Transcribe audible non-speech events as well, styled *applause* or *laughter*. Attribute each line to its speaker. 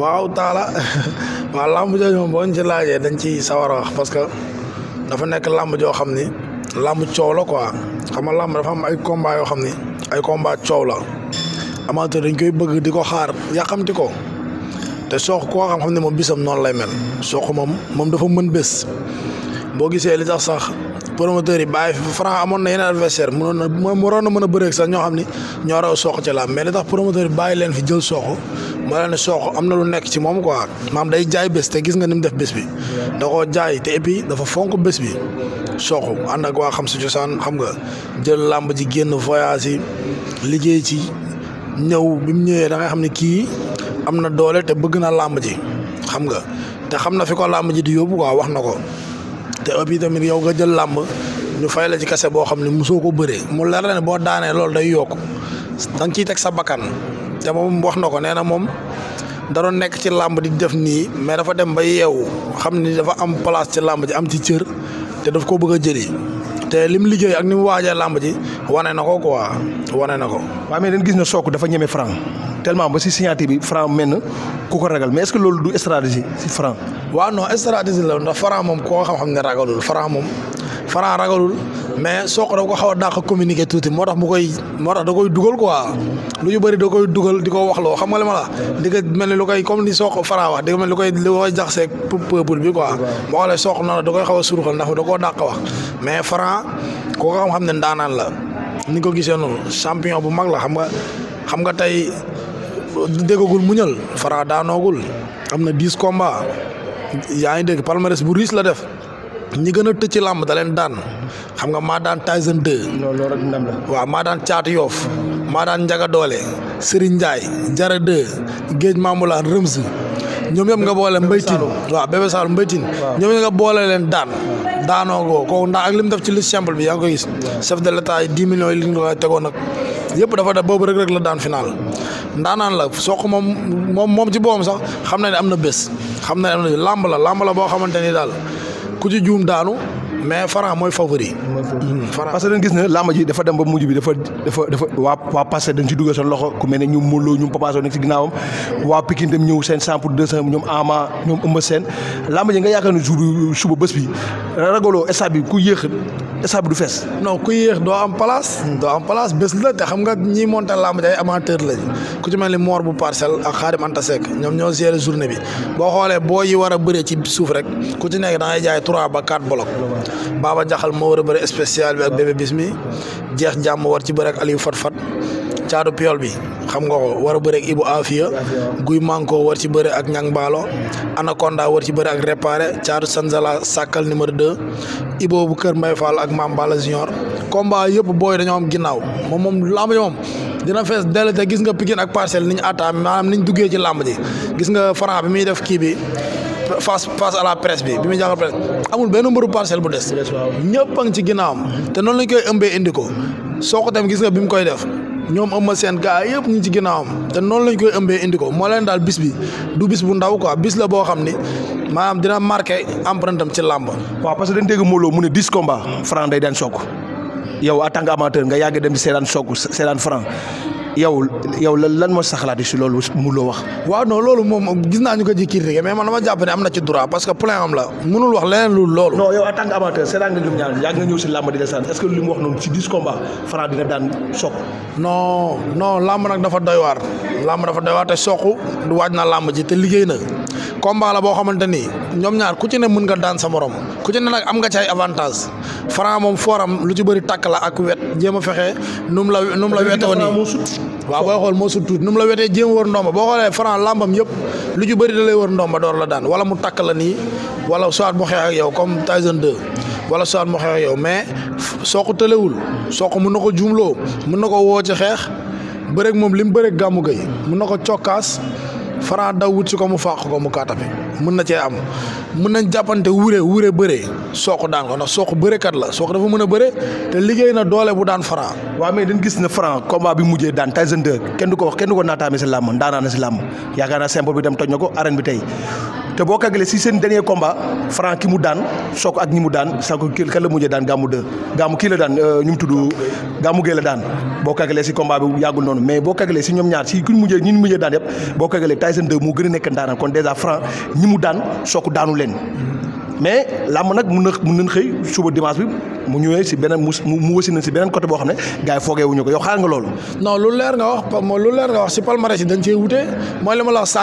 Speaker 1: waaw taala *laughs* waa làmb jooju moom boo ñu ci laajee dañ ci sawar a parce que dafa nekk làmb joo xam ni làmb coow la quoi xam nga làmb dafa am ay combat yoo xam ni ay combat coow la amateur dañ koy bëgg di ko xaar yàqamti ko te sook koo xam xam ne moom bisam noonu lay mel Sokh moom moom dafa mën bés boo gisee li tax sax promoteurs i bàyyi Franc amoon na yeneen adversaire mënoon na waroon na mën a bëreeg sax ñoo xam ni ñoo raw Sokh ci làmb mais tax promoteur yi bàyyi leen fi jël Sokh ma leen ne Sokh am na lu nekk ci moom quoi maam day jaay bés te gis nga ni mu def bés bi da koo jaay te et dafa fonk bés bi Sokh ànd ak waa xam si cosaan xam nga jël làmb ji génn voyage liggéey ci ñëw bi mu ñëwee da nga xam ne kii am na doole te bëgg na làmb ji xam nga te xam na fi ko làmb ji di yóbbu quoi wax na ko te ëpp yi yow nga jël làmb ñu fay la ci kase boo xam ne mosoo ko bëree mu leer na ne boo daanee loolu day yokku da nga ciy teg sa bakkan te moom wax na ko nee na moom da nekk ci làmb di def nii mais dafa dem ba yeewu xam ni dafa am place ci làmb ji am ci cër te daf koo bëgg a jëli te lim liggéey
Speaker 2: ak ni mu waajee làmb ji wane na ko quoi wane na ko. waaw mais dañ gis ne Sokh dafa ñeme Franc. tellement ba si signature bi Franc mel na ku ko ragal mais est loolu du stratégie si Franc. waaw non stratégie la ndax Franc moom ko koo xam-xam ne ragalul Franc moom Franc ragalul mais
Speaker 1: soo ko ko xaw a dàq communiquer moo tax mu koy moo tax da koy dugal lu ñu bëri da koy dugal di ko wax loo xam nga li ma la di ko mel lu comme ni soo ko Franc wax di koy lu koy soo ko da koy xaw a suruxal ndax da koo dàq wax mais Franc koo xam-xam ne ndaanaan la ni ko gisee noonu champion bu mag la xam nga xam nga tey déggagul muñal Franc daanoogul am na diis combats yaa ngi dégg palmarès bu riche la def ñi gën a tëj ci làmb da leen daan xam nga maa daan Tyson 2. loolu rek ndam maa daan Caatu Yoof maa daan Njaga Doole Serigne Ndiaye Jara 2 Géej Mamoulaan Rëms ñoom yëpp nga boole mbaytin waaw bébé Saloum mbaytin ñoom nga boole leen daan daanoo ko kooku ndax ak li mu def ci liste simple bi yaa ngi koy gis chef de l' état yi dix millions yi li ñu nag yëpp dafa def boobu rek rek la daan final ndaanaan la Sokh moom moom moom ci boppam sax xam na ne am na bés xam na ne am na làmb làmbala làmb boo xamante ni daal ku ci juum daanu mais Franc mooy favori. Franc
Speaker 2: parce que gis ne làmb ji dafa dem ba mujj bi dafa dafa dafa waa waa Passé dañ ci dugal seen loxo ku mel ne ñoom Modou Lô ñoom Papa Sow nekk ci ginnaawam waa Pikine dem ñëw seen 100 pour 200 ñoom Ama ñoom Eumeu Sène làmb nga yaakaar ne jour suba bas bi ragaloo stade bi ku yéex. stade bi du fees. non ku yéex doo am place. doo am place bés la te xam nga ñi monté làmb ji ay amateur lañ
Speaker 1: ku ci mel ni moor bu parcelle ak Xaadim Anta Seck ñoom ñoo gérer journée bi boo xoolee boo yi war a bëree ci suuf rek ku ci nekk da ngay jaay trois ba quatre bloc Baba Jaxal moo war a bëri spécial bi ak bébé bis mi jeex jàmm war ci bëri ak Aliou Fatfat caatu piol bi xam nga war a bëre ak Ibu Afia guy manko war ci bëre ak ñang baalo anaconda war ci bëre ak réparé caatu sanzala sàkkal numéro deux Ibo bu kër Mbay Fall ak maam Bala Junior combat yëpp booy dañoo am ginnaaw moom moom lamb ji dina fees dell te gis nga Pikine ak Parcelles niñ attaam maanaam niñ duggee ci lamb ji gis nga Franc bi muy def kii bi face face à la presse bi bi muy jàngal presse amul benn mbëru parcelle bu des ñëpp a ngi ci ginnaawam te noonu lañ koy ëmbee indi ko soo ko tam gis nga bi mu koy def ñoom ëmma seen gaa yëpp ñu ci ginnaawam te noonu lañ koy ëmbee indi ko moo leen daal bis bi du bis bu ndaw quoi bis la boo xam ni maanaam
Speaker 2: dina marqué am am ci làmb. waaw parce que dañ dégg Modou ne dix combats Franc day daan Sokh yow en tant que nga yàgg dem di seetaan Sokh seetaan Franc yow yow lan moo saxalaat si loolu mu loo wax. waaw non loolu moom gis naa ñu ko ci critiquer mais man dama jàpp ne am na ci droit parce que plein am la mënul wax leneen lu loolu. non yow en tant qu'amateur seetaan nga nga ñëw si làmb di la sant est wax noonu si dix combats Franc dina daan Sokh. non làmb nag dafa doy waar
Speaker 1: làmb dafa doy waar te Sokh du waaj na làmb ji te liggéey na combat la boo xamante ni ñoom ñaar ku ci ne mën nga daan sa moroom ku ci ne nag am nga ci ay avantage Franc moom fooram lu ci bëri tàkk la ak wet jéem a fexe nu mu la nu mu la wetewoon nii waaw booy xool moo sut tuuti nu la wetee jéem wër ndomba boo xoolee Franc làmbam yëpp lu ci bëri da lay wër ndomba door la daan wala mu tàkk la nii wala soit mu xeex ak yow comme Tyson 2 wala soit mu xeex ak yow mais soo ko tëlewul soo ko mun na ko jumloo mun na ko woo ci xeex bëreeg moom li mu bëreeg gàmmu gay mun na ko cokkaas Franc daw wut si ko mu fàq ko mu kaatape na cee am mën nañ jàppante wure wure bëree Sokh daan ko ndax Sokh kat la Sokh dafa mën a bëre te
Speaker 2: liggéey na doole bu daan Franc. waaw mais dañ gis ne Franc combat bi mujjee daan Tyson 2 kenn du ko wax kenn du ko naataame si làmm daanaa na si làmm yaakaar naa simple bi dem toj na ko arène bi tey te boo kagalee si seen dernier combat Franc ki mu daan Sokh ak ñi mu daan Sokh kii kan la mujjee daan gàmmu deux gàmmu kii la daan euh, ñu mu tudd gàmmu gee la daan boo kagalee si combat bi yàggul noonu mais boo kagalee si ñoom ñaar si ku ñu mujjee ñi ñu mujjee daan yëpp boo kagalee Tyson 2 moo gën a nekk ndaanaan kon dèjà Franc ñi mu daan Sokh daanu leen mais làmb nag mun na mun nañ xëy suba dimanche bi mu ñëwee si beneen mu mu wasi si beneen nga loolu.
Speaker 1: non lu